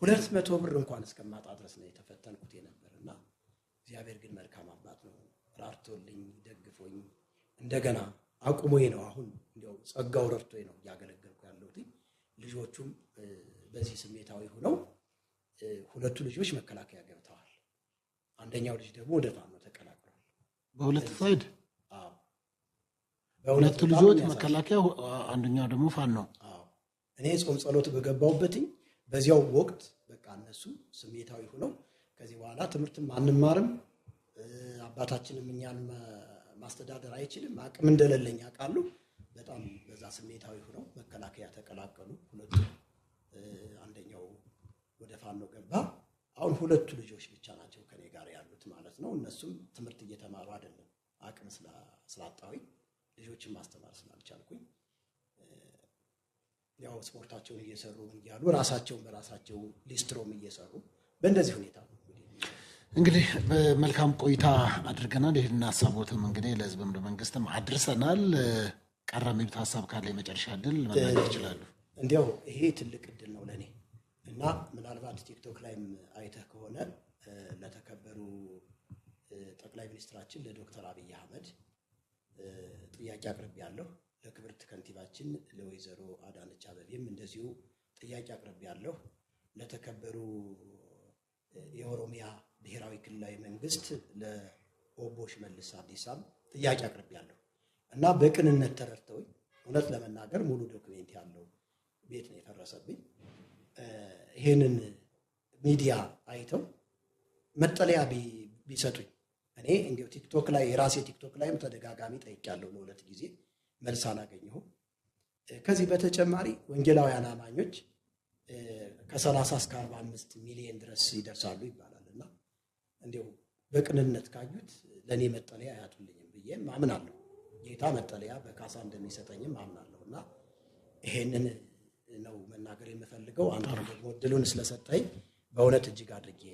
ሁለት መቶ ብር እንኳን እስከማጣ ድረስ ነው የተፈተንኩት የነበርና እግዚአብሔር ግን መልካም አባት ነው። ራርቶልኝ ደግፎኝ እንደገና አቁሞ ነው አሁን እንዲያው ጸጋው ረድቶ ነው እያገለገልኩ ያለሁት። ልጆቹም በዚህ ስሜታዊ ሆነው ሁለቱ ልጆች መከላከያ ገብተዋል። አንደኛው ልጅ ደግሞ ወደ ፋኖ ተቀላቅሏል። በሁለት ሳይድ ሁለቱ ልጆች መከላከያ፣ አንደኛው ደግሞ ፋን ነው። እኔ ጾም ጸሎት በገባውበትኝ በዚያው ወቅት በቃ እነሱ ስሜታዊ ሆነው ከዚህ በኋላ ትምህርትም አንማርም አባታችንም እኛን ማስተዳደር አይችልም አቅም እንደሌለኝ ያውቃሉ። በጣም በዛ ስሜታዊ ሆነው መከላከያ ተቀላቀሉ። ሁለቱ አንደኛው ወደ ፋኖ ገባ። አሁን ሁለቱ ልጆች ብቻ ናቸው ከኔ ጋር ያሉት ማለት ነው። እነሱም ትምህርት እየተማሩ አይደለም፣ አቅም ስላጣሁኝ ልጆችን ማስተማር ስላልቻልኩኝ ያው ስፖርታቸውን እየሰሩ እያሉ ራሳቸውን በራሳቸው ሊስትሮም እየሰሩ በእንደዚህ ሁኔታ እንግዲህ መልካም ቆይታ አድርገናል። ይህን ሀሳቦትም እንግዲህ ለህዝብም ለመንግስትም አድርሰናል። ቀረ የሚሉት ሀሳብ ካለ የመጨረሻ እድል መናገር ይችላሉ። እንዲያው ይሄ ትልቅ እድል ነው ለእኔ እና ምናልባት ቲክቶክ ላይም አይተህ ከሆነ ለተከበሩ ጠቅላይ ሚኒስትራችን ለዶክተር አብይ አህመድ ጥያቄ አቅርቤ ያለሁ ለክብርት ከንቲባችን ለወይዘሮ አዳነች አበቤም እንደዚሁ ጥያቄ አቅርብ ያለሁ ለተከበሩ የኦሮሚያ ብሔራዊ ክልላዊ መንግስት ለኦቦ ሽመልስ አብዲሳም ጥያቄ አቅርብ ያለሁ እና በቅንነት ተረድተውኝ እውነት ለመናገር ሙሉ ዶክሜንት ያለው ቤት ነው የፈረሰብኝ። ይህንን ሚዲያ አይተው መጠለያ ቢሰጡኝ እኔ እንዲያው ቲክቶክ ላይ የራሴ ቲክቶክ ላይም ተደጋጋሚ ጠይቄያለሁ ለሁለት ጊዜ መልስ አላገኘሁም። ከዚህ በተጨማሪ ወንጌላውያን አማኞች ከ30 እስከ 45 ሚሊዮን ድረስ ይደርሳሉ ይባላል እና እንዲሁ በቅንነት ካዩት ለእኔ መጠለያ አያጡልኝም ብዬም አምናለሁ። ጌታ መጠለያ በካሳ እንደሚሰጠኝም አምናለሁ እና ይሄንን ነው መናገር የምፈልገው። አንተ ደግሞ እድሉን ስለሰጠኝ በእውነት እጅግ አድርጌ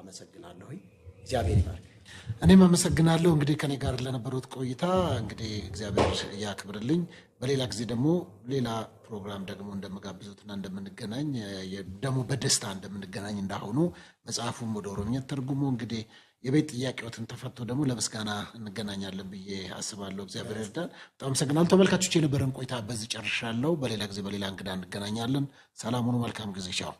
አመሰግናለሁኝ። እግዚአብሔር ይባርክ። እኔም አመሰግናለሁ እንግዲህ ከኔ ጋር ለነበሩት ቆይታ እንግዲህ እግዚአብሔር እያክብርልኝ። በሌላ ጊዜ ደግሞ ሌላ ፕሮግራም ደግሞ እንደምጋብዙትና እንደምንገናኝ ደግሞ በደስታ እንደምንገናኝ እንዳሁኑ መጽሐፉም ወደ ኦሮምኛ ተርጉሞ እንግዲህ የቤት ጥያቄዎትን ተፈቶ ደግሞ ለምስጋና እንገናኛለን ብዬ አስባለሁ። እግዚአብሔር ይርዳን። በጣም አመሰግናለሁ። ተመልካቾች የነበረን ቆይታ በዚህ ጨርሻለሁ። በሌላ ጊዜ በሌላ እንግዳ እንገናኛለን። ሰላም ሁኑ። መልካም ጊዜ። ቻው